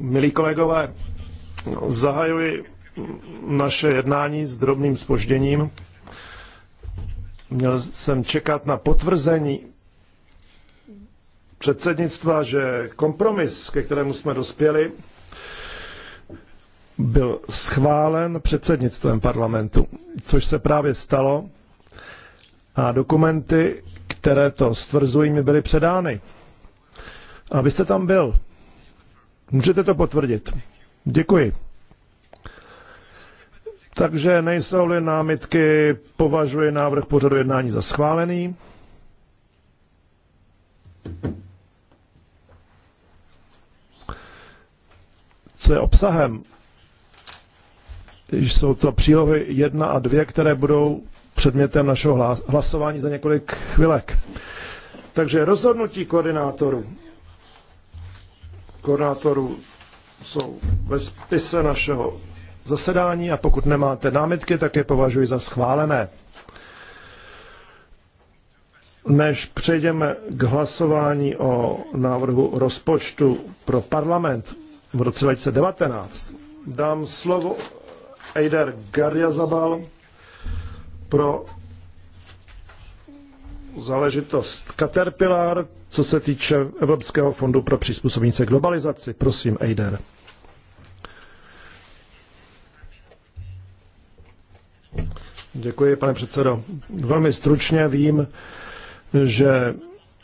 Milí kolegové, zahajuji naše jednání s drobným spožděním. Měl jsem čekat na potvrzení předsednictva, že kompromis, ke kterému jsme dospěli, byl schválen předsednictvem parlamentu, což se právě stalo. A dokumenty, které to stvrzují, mi byly předány. A vy jste tam byl. Můžete to potvrdit. Děkuji. Takže nejsou-li námitky, považuji návrh pořadu jednání za schválený. Co je obsahem? Jsou to přílohy 1 a 2, které budou předmětem našeho hlasování za několik chvilek. Takže rozhodnutí koordinátorů koordinátorů jsou ve spise našeho zasedání a pokud nemáte námitky, tak je považuji za schválené. Než přejdeme k hlasování o návrhu rozpočtu pro parlament v roce 2019, dám slovo Eider Garjazabal pro záležitost Caterpillar, co se týče Evropského fondu pro přizpůsobení se globalizaci. Prosím, Eider. Děkuji, pane předsedo. Velmi stručně vím, že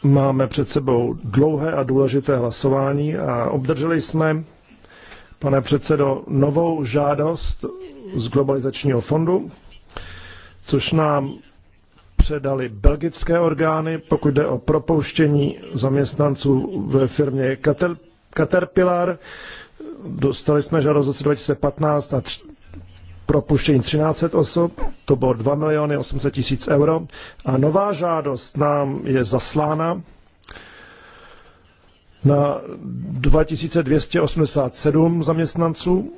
máme před sebou dlouhé a důležité hlasování a obdrželi jsme, pane předsedo, novou žádost z globalizačního fondu, což nám předali belgické orgány, pokud jde o propouštění zaměstnanců ve firmě Caterpillar. Dostali jsme žádost v roce 2015 na propuštění 13 osob, to bylo 2 miliony 800 tisíc euro. A nová žádost nám je zaslána na 2287 zaměstnanců,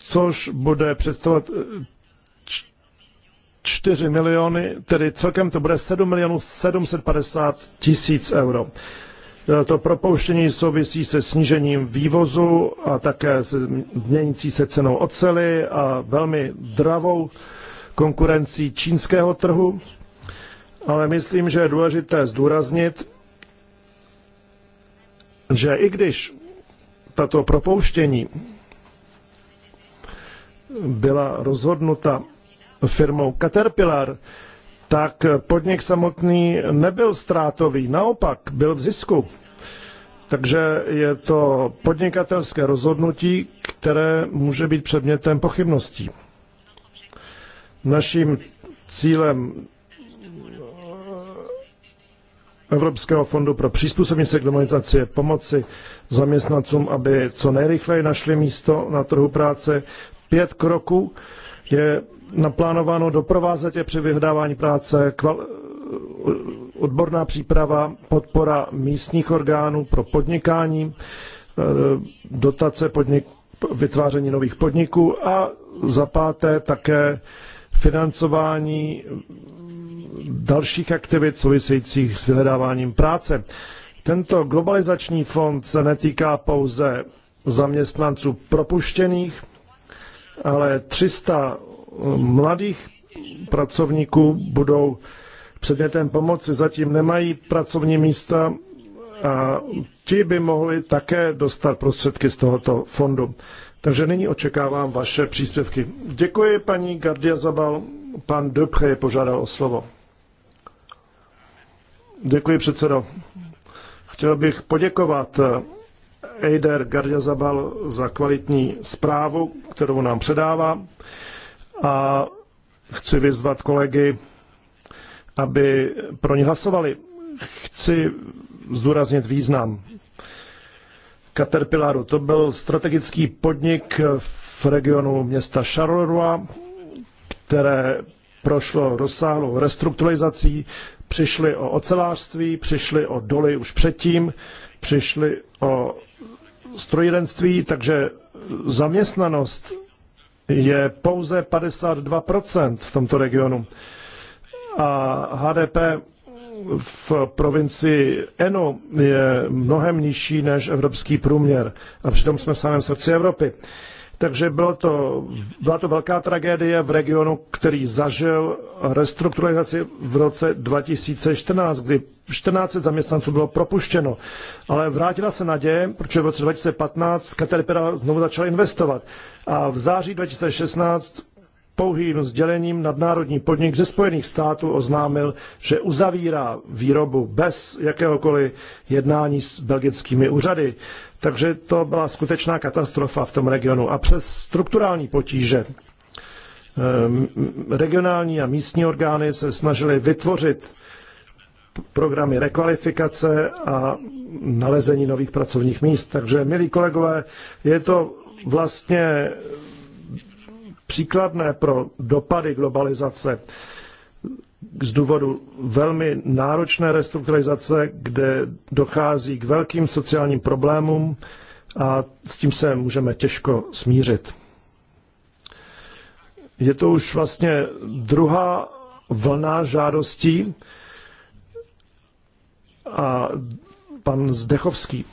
což bude představovat 4 miliony, tedy celkem to bude 7 milionů 750 tisíc euro. E, to propouštění souvisí se snížením vývozu a také se měnící se cenou ocely a velmi dravou konkurencí čínského trhu. Ale myslím, že je důležité zdůraznit, že i když tato propouštění byla rozhodnuta firmou Caterpillar, tak podnik samotný nebyl ztrátový, naopak byl v zisku. Takže je to podnikatelské rozhodnutí, které může být předmětem pochybností. Naším cílem Evropského fondu pro přizpůsobení se globalizaci je pomoci zaměstnancům, aby co nejrychleji našli místo na trhu práce. Pět kroků je naplánováno doprovázet je při vyhledávání práce, kval, odborná příprava, podpora místních orgánů pro podnikání, eh, dotace podnik, vytváření nových podniků a za páté také financování dalších aktivit souvisejících s vyhledáváním práce. Tento globalizační fond se netýká pouze zaměstnanců propuštěných, ale 300 mladých pracovníků budou předmětem pomoci. Zatím nemají pracovní místa a ti by mohli také dostat prostředky z tohoto fondu. Takže nyní očekávám vaše příspěvky. Děkuji paní Gardia Zabal. Pan Dupré požádal o slovo. Děkuji předsedo. Chtěl bych poděkovat Eider Gardia Zabal za kvalitní zprávu, kterou nám předává a chci vyzvat kolegy, aby pro ně hlasovali. Chci zdůraznit význam Caterpillaru. To byl strategický podnik v regionu města Charleroi, které prošlo rozsáhlou restrukturalizací, přišli o ocelářství, přišli o doly už předtím, přišli o strojírenství, takže zaměstnanost je pouze 52% v tomto regionu. A HDP v provincii Eno je mnohem nižší než evropský průměr. A přitom jsme v samém srdci Evropy. Uh, takže bylo to, byla to velká tragédie v regionu, který zažil restrukturalizaci v roce 2014, kdy 14 zaměstnanců bylo propuštěno. Ale vrátila se naděje, protože v roce 2015 Caterpillar znovu začal investovat. A v září 2016 pouhým sdělením nadnárodní podnik ze Spojených států oznámil, že uzavírá výrobu bez jakéhokoliv jednání s belgickými úřady. Takže to byla skutečná katastrofa v tom regionu. A přes strukturální potíže ehm, regionální a místní orgány se snažily vytvořit programy rekvalifikace a nalezení nových pracovních míst. Takže, milí kolegové, je to vlastně příkladné pro dopady globalizace z důvodu velmi náročné restrukturalizace, kde dochází k velkým sociálním problémům a s tím se můžeme těžko smířit. Je to už vlastně druhá vlna žádostí a pan Zdechovský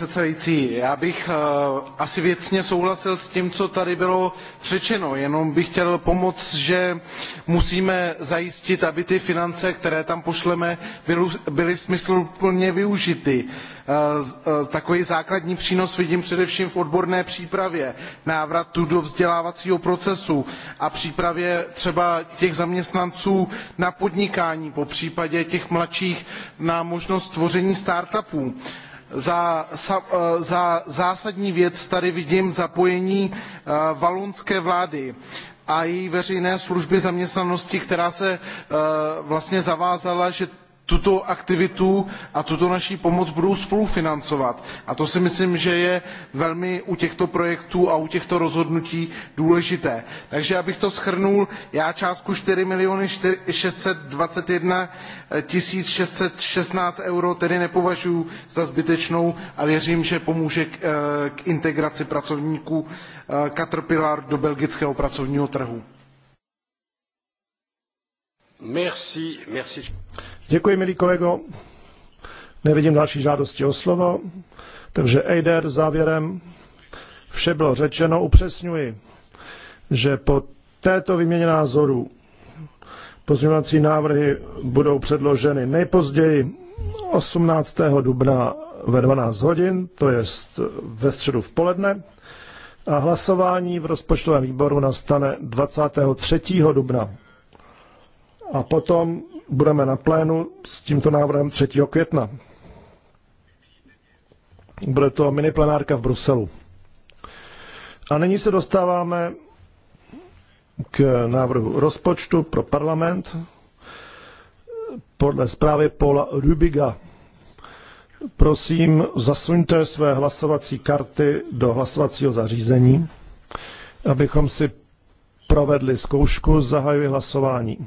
předsedající, já bych eh, asi věcně souhlasil s tím, co tady bylo řečeno, jenom bych chtěl pomoct, že musíme zajistit, aby ty finance, které tam pošleme, byly smysluplně využity. Eh, eh, takový základní přínos vidím především v odborné přípravě, návratu do vzdělávacího procesu a přípravě třeba těch zaměstnanců na podnikání, po případě těch mladších na možnost tvoření startupů. upů Eh, za, zásadní věc tady vidím zapojení eh, valonské vlády a její veřejné služby zaměstnanosti, která se eh, vlastně zavázala, že tuto aktivitu a tuto naši pomoc budou spolufinancovat. A to si myslím, že je velmi u těchto projektů a u těchto rozhodnutí důležité. Takže abych to schrnul, já částku 4 miliony 621 616 eh, euro tedy nepovažuji za zbytečnou a věřím, že pomůže k, eh, k integraci pracovníků eh, Caterpillar do belgického pracovního trhu. Merci, merci. Děkuji, milý kolego. Nevidím další žádosti o slovo. Takže Eider závěrem. Vše bylo řečeno. Upřesňuji, že po této výměně názorů pozměňovací návrhy budou předloženy nejpozději 18. dubna ve 12 hodin, to je ve středu v poledne. A hlasování v rozpočtovém výboru nastane 23. dubna. A potom budeme na plénu s tímto návrhem 3. května. Bude to mini plenárka v Bruselu. A nyní se dostáváme k návrhu rozpočtu pro parlament podle zprávy Paula Rubiga. Prosím, zasuňte své hlasovací karty do hlasovacího zařízení, abychom si provedli zkoušku. Zahajuji hlasování.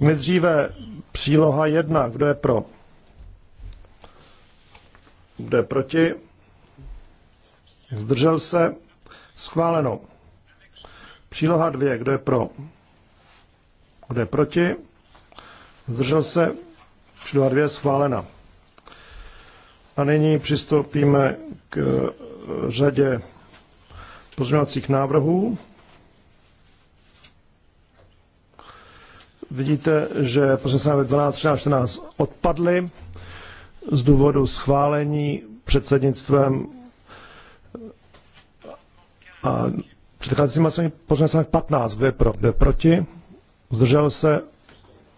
Nejdříve příloha jedna. Kdo je pro? Kdo je proti? Zdržel se? Schváleno. Příloha dvě. Kdo je pro? Kdo je proti? Zdržel se? Příloha dvě schválena. A nyní přistoupíme k eh, řadě pozměňovacích návrhů. Vidíte, že pozměňovací návrhy 12, 13, 14 odpadly z důvodu schválení předsednictvem a předcházejícím hlasování pozměňovací 15, kdo je pro, kdo je proti, zdržel se,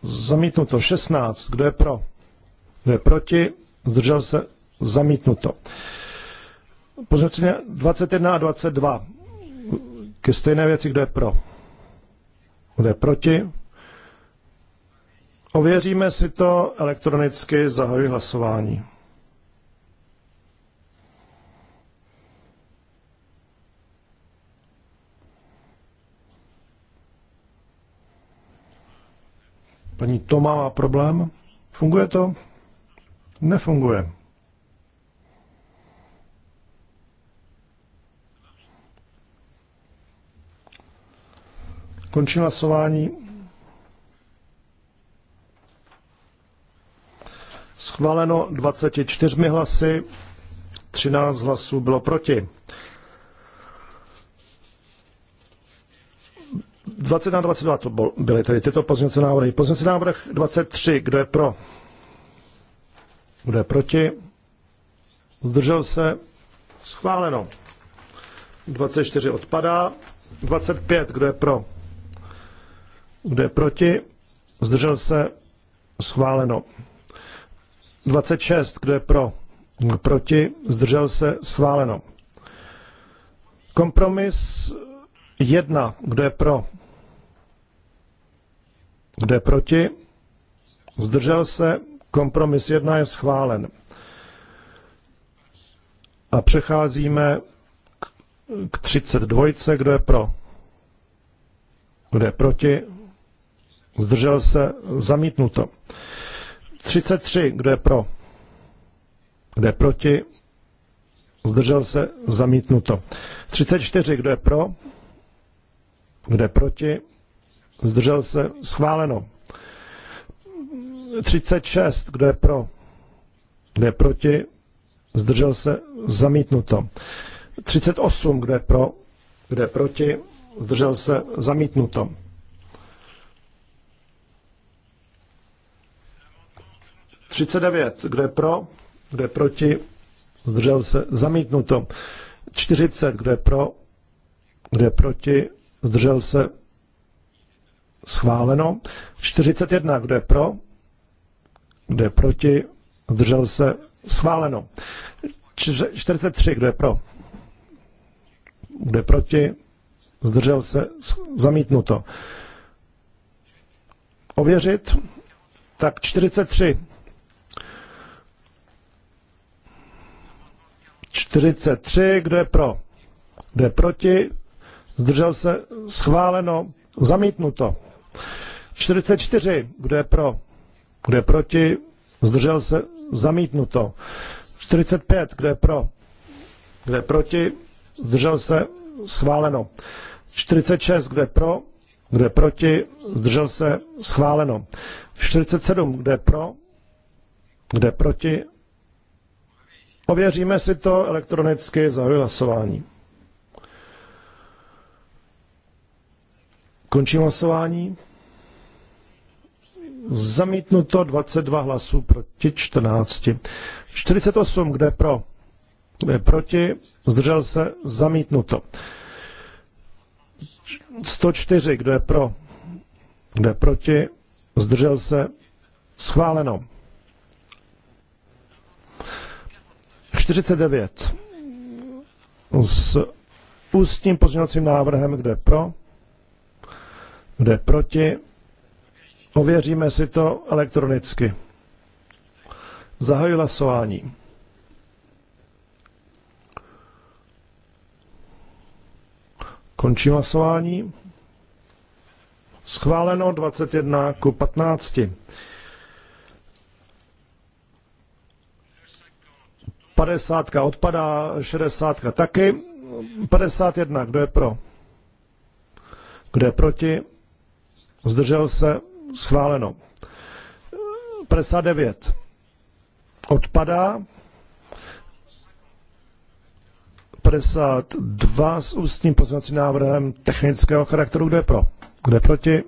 zamítnuto 16, kdo je pro, kdo je proti, zdržel se, zamítnuto. Pozměňovací 21 a 22 ke stejné věci, kdo je pro, kdo je proti, Ověříme si to elektronicky, zahajuji hlasování. Paní Toma má problém. Funguje to? Nefunguje. Končím hlasování. Schváleno 24 hlasy, 13 hlasů bylo proti. 20 na 22 to byly tedy tyto pozměnce návrhy. Pozměnce návrh 23, kdo je pro? Kdo je proti? Zdržel se? Schváleno. 24 odpadá. 25, kdo je pro? Kdo je proti? Zdržel se? Schváleno. 26, kdo je pro, proti, zdržel se, schváleno. Kompromis 1, kdo je pro, kdo je proti, zdržel se, kompromis 1 je schválen. A přecházíme k 32, kdo je pro, kdo je proti, zdržel se, zamítnuto. 33, kdo je pro? Kdo je proti? Zdržel se? Zamítnuto. 34, kdo je pro? Kdo je proti? Zdržel se? Schváleno. 36, kdo je pro? Kdo je proti? Zdržel se? Zamítnuto. 38, kdo je pro? Kdo je proti? Zdržel se? Zamítnuto. 39. Kdo je pro? Kdo je proti? Zdržel se. Zamítnuto. 40. Kdo je pro? Kdo je proti? Zdržel se. Schváleno. 41. Kdo je pro? Kdo je proti? Zdržel se. Schváleno. 43. Kdo je pro? Kdo je proti? Zdržel se. Zamítnuto. Ověřit. Tak 43. 43, kdo je pro? Kdo je proti? Zdržel se? Schváleno. Zamítnuto. 44, kdo je pro? Kdo je proti? Zdržel se? Zamítnuto. 45, kdo je pro? Kdo je proti? Zdržel se? Schváleno. 46, kdo je pro? Kdo je proti? Zdržel se? Schváleno. 47, kdo je pro? Kdo je proti? Ověříme si to elektronicky za hlasování. Končím hlasování. Zamítnuto 22 hlasů proti 14. 48, kde pro? Kde proti? Zdržel se zamítnuto. 104, kdo je pro? Kdo je proti? Zdržel se schváleno. 49 s ústním pozměňovacím návrhem, kde pro, kde proti. Ověříme si to elektronicky. Zahajuji hlasování. Končím hlasování. Schváleno 21 ku 15. 50 odpadá, 60 taky. 51, kdo je pro? Kdo je proti? Zdržel se? Schváleno. 59 odpadá. 52 s ústním pozvacím návrhem technického charakteru. Kdo je pro? Kdo je proti?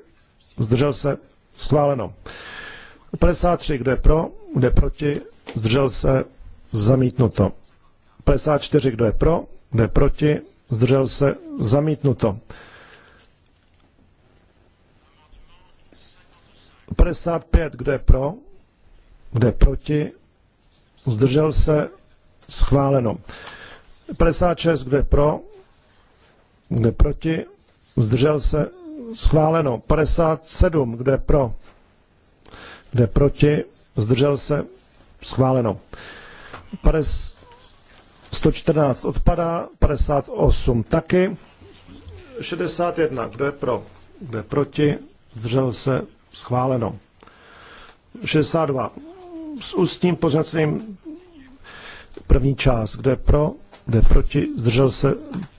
Zdržel se? Schváleno. 53. Kdo je pro? Kdo je proti? Zdržel se? Zamítnuto. 54, kdo je pro, kdo je proti, zdržel se, zamítnuto. 55, kdo je pro, kdo je proti, zdržel se, schváleno. 56, kdo je pro, kdo je proti, zdržel se, schváleno. 57, kdo je pro, kdo je proti, zdržel se, schváleno. 114 odpadá, 58 taky, 61, kdo je pro, kdo je proti, zdržel se, schváleno. 62, s ústním pořadným první část, kdo je pro, kdo je proti, zdržel se,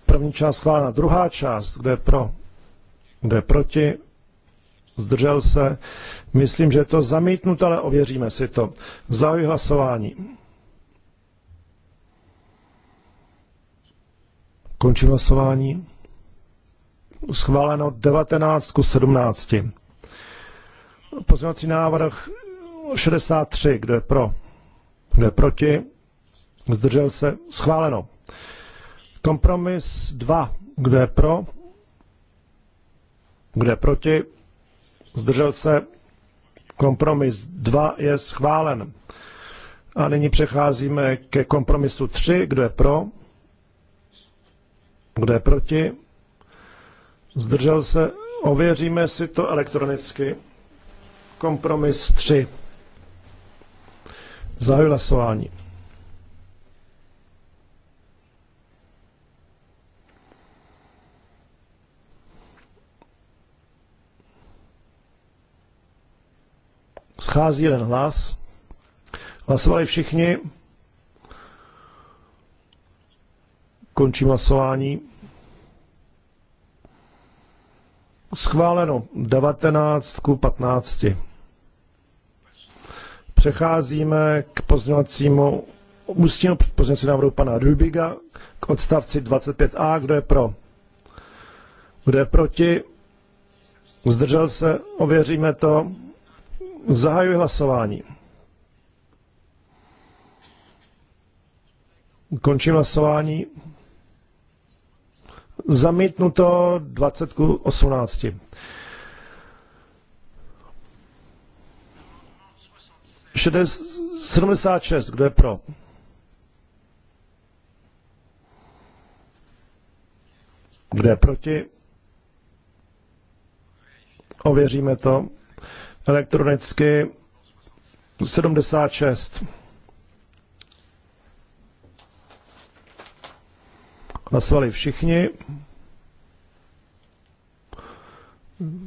první část schválena, druhá část, kdo je pro, kdo je proti, zdržel se, myslím, že je to zamítnut, ale ověříme si to. Zahajuji hlasování. Končím hlasování. Schváleno 19 ku 17. Pozměňovací návrh 63. Kdo je pro? Kdo je proti? Zdržel se? Schváleno. Kompromis 2. Kdo je pro? Kdo je proti? Zdržel se? Kompromis 2 je schválen. A nyní přecházíme ke kompromisu 3. Kdo je pro? Kdo je proti? Zdržel se? Ověříme si to elektronicky. Kompromis 3. Zahajuji hlasování. Schází jeden hlas. Hlasovali všichni. Končím hlasování. Schváleno 19 ku 15. Přecházíme k pozměňovacímu ústního pozměňovacímu návrhu pana Rubiga k odstavci 25a. Kdo je pro? Kdo je proti? Zdržel se? Ověříme to. Zahajuji hlasování. Končím hlasování. Zamítnuto 20 k 18. Šede 76, kdo je pro? Kdo je proti? Ověříme to elektronicky. 76. Hlasovali všichni.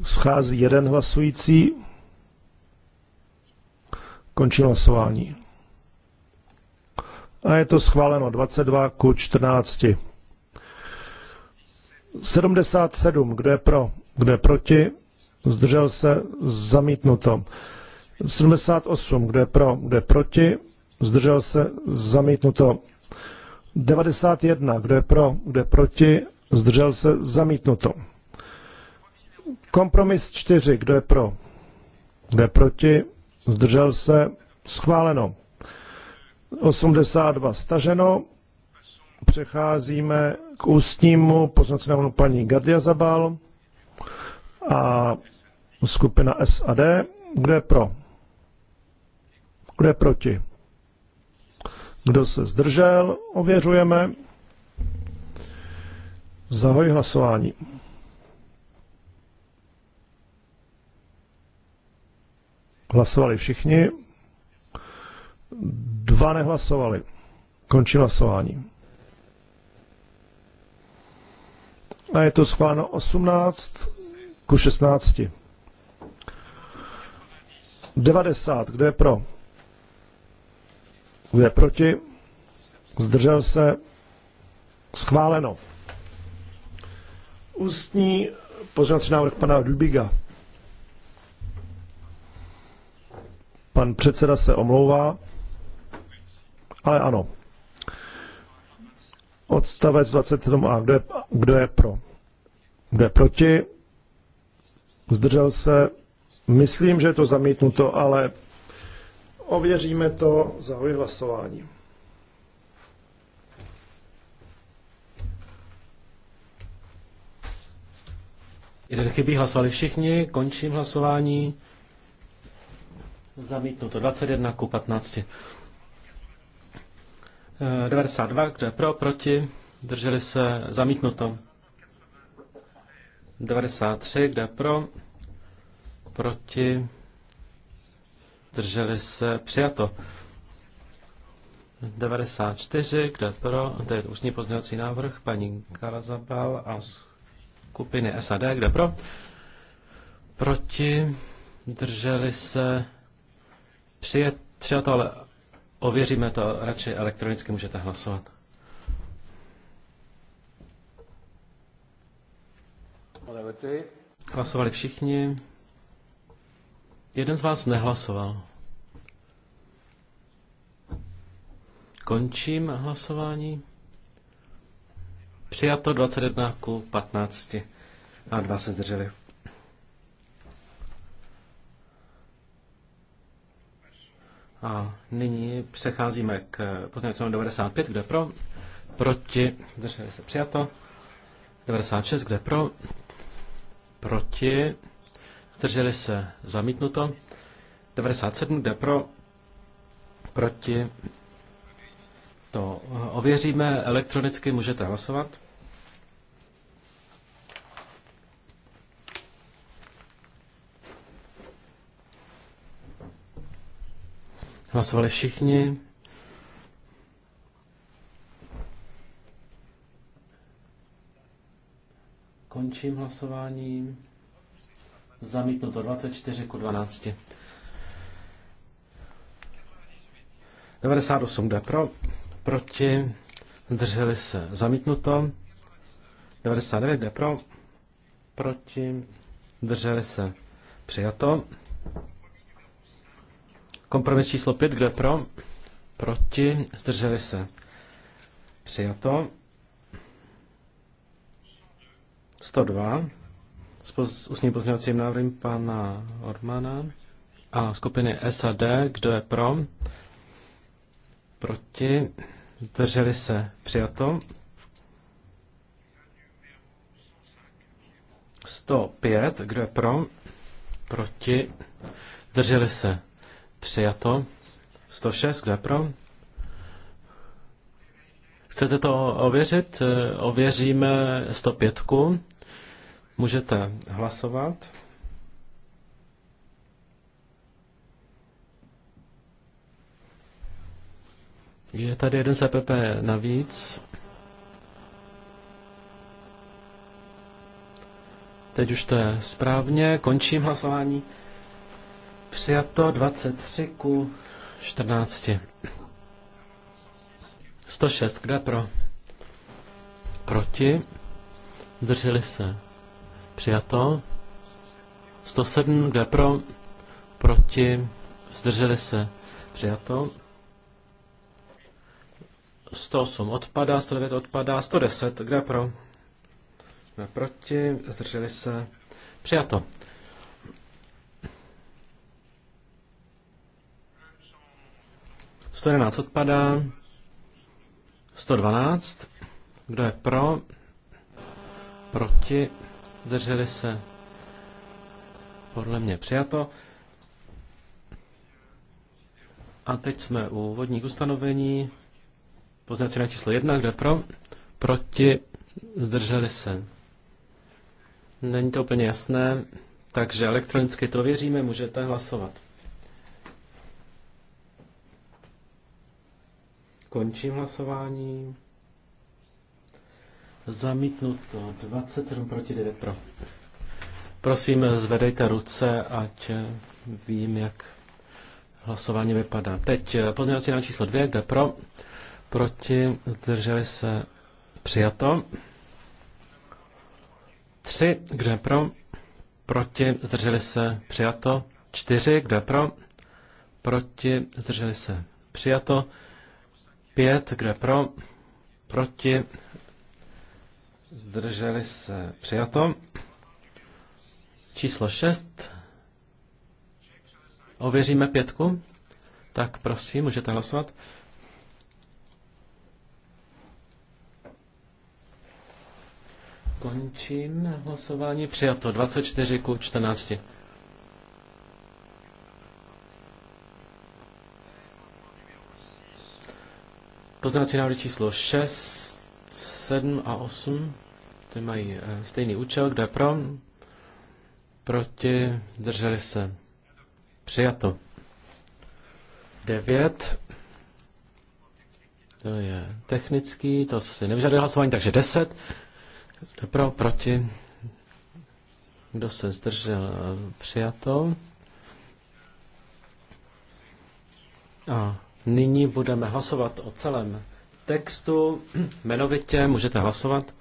Schází jeden hlasující. Končí hlasování. A je to schváleno 22 ku 14. 77. Kdo je pro? Kdo je proti? Zdržel se? Zamítnuto. 78. Kdo je pro? Kdo je proti? Zdržel se? Zamítnuto. 91. Kdo je pro, kdo je proti? Zdržel se zamítnuto. Kompromis 4. Kdo je pro? Kdo je proti? Zdržel se schváleno. 82 staženo. Přecházíme k ústnímu poznacenému paní Gardia Zabal a skupina SAD. Kdo je pro? Kdo je proti? Kdo se zdržel, ověřujeme. Zahoj hlasování. Hlasovali všichni. Dva nehlasovali. Končí hlasování. A je to schváleno 18 ku 16. 90. Kdo je pro? Kdo je proti? Zdržel se? Schváleno. Ústní pozornací návrh pana Dubiga. Pan předseda se omlouvá, ale ano. Odstavec 27a. Kdo je, kdo je pro? Kdo je proti? Zdržel se? Myslím, že je to zamítnuto, ale Ověříme to za hlasování. Jeden chybí, hlasovali všichni, končím hlasování. Zamítnuto 21 ku 15. 92, eh, kdo je pro, proti, drželi se, zamítnuto. 93, kdo je pro, proti, zdrželi se, přijato. 94, kde pro, to je ústní pozdělací návrh, paní Karazabal a skupiny SAD, kde pro, proti, drželi se, přijet, přijato, ale ověříme to radši elektronicky, můžete hlasovat. Hlasovali všichni. Jeden z vás nehlasoval. Končím hlasování. Přijato 21 k 15 a dva se zdrželi. A nyní přecházíme k pozměňovacímu 95, kde pro, proti, zdrželi se přijato, 96, kde pro, proti, zdrželi se zamítnuto, 97 jde pro, proti, to eh, ověříme elektronicky, můžete hlasovat. Hlasovali všichni. Končím hlasování. Zamítnuto 24 ku 12. 98 jde pro, proti, zdrželi se zamítnuto. 99 jde pro, proti, zdrželi se přijato. Kompromis číslo 5, kde pro, proti, zdrželi se přijato. 102 s ústním pozměňovacím návrhem pana Ormana a skupiny SAD. Kdo je pro? Proti? Drželi se? Přijato. 105. Kdo je pro? Proti? Drželi se? Přijato. 106. Kdo je pro? Chcete to ověřit? Ověříme 105. Můžete hlasovat. Je tady jeden CPP e navíc. Teď už to je správně. Končím hlasování. Přijato 23 ku 14. 106. Kde pro? Proti. Drželi se Přijato. 107, kde pro? Proti? Zdrželi se? Přijato. 108 odpadá, 109 odpadá, 110, kde pro? kde proti? Zdrželi se? Přijato. Sto jedenáct odpadá. 112. Kdo je pro? Proti? Zdrželi se? Podle mě přijato. A teď jsme u vodních ustanovení. Poznací na číslo 1, kde pro? Proti? Zdrželi se? Není to úplně jasné, takže elektronicky to věříme, můžete hlasovat. Končím hlasování. Zamítnuto 27 proti 9 pro. Prosím, zvedejte ruce, ať vím, jak hlasování vypadá. Teď pozměňovací návrh číslo 2, kde pro, proti, zdrželi se přijato. 3, kde pro, proti, zdrželi se přijato. 4, kde pro, proti, zdrželi se přijato. 5, kde pro, proti, Zdrželi se. Přijato. Číslo 6. Ověříme pětku. Tak prosím, můžete hlasovat. Končím hlasování. Přijato 24 ku 14. Poznací návrh číslo 6. 7 a 8, ty mají eh, stejný účel, kde pro, proti, drželi se. Přijato. 9. To je technický, to si nevyžaduje hlasování, takže 10. Kde pro, proti, kdo se zdržel, přijato. A nyní budeme hlasovat o celém textu. Jmenovitě můžete hlasovat.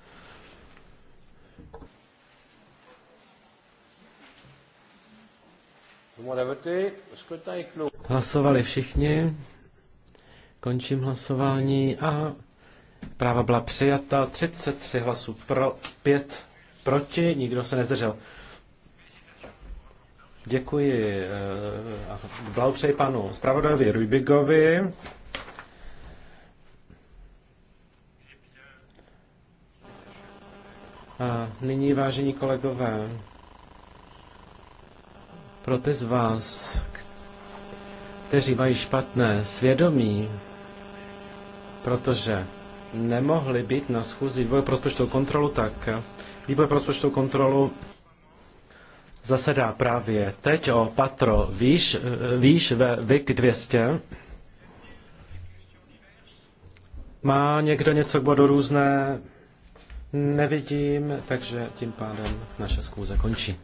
Hlasovali všichni. Končím hlasování a práva byla přijata. 33 hlasů pro, 5 proti, nikdo se nezdržel. Děkuji eh, a blahopřeji panu zpravodajovi Rubigovi. A nyní, vážení kolegové, pro ty z vás, kteří mají špatné svědomí, protože nemohli být na schůzi výboru pro rozpočtovou kontrolu, tak výbor pro rozpočtovou kontrolu zasedá právě teď o patro výš, výš ve VIK 200. Má někdo něco k bodu různé? Nevidím, takže tím pádem naše schůze končí.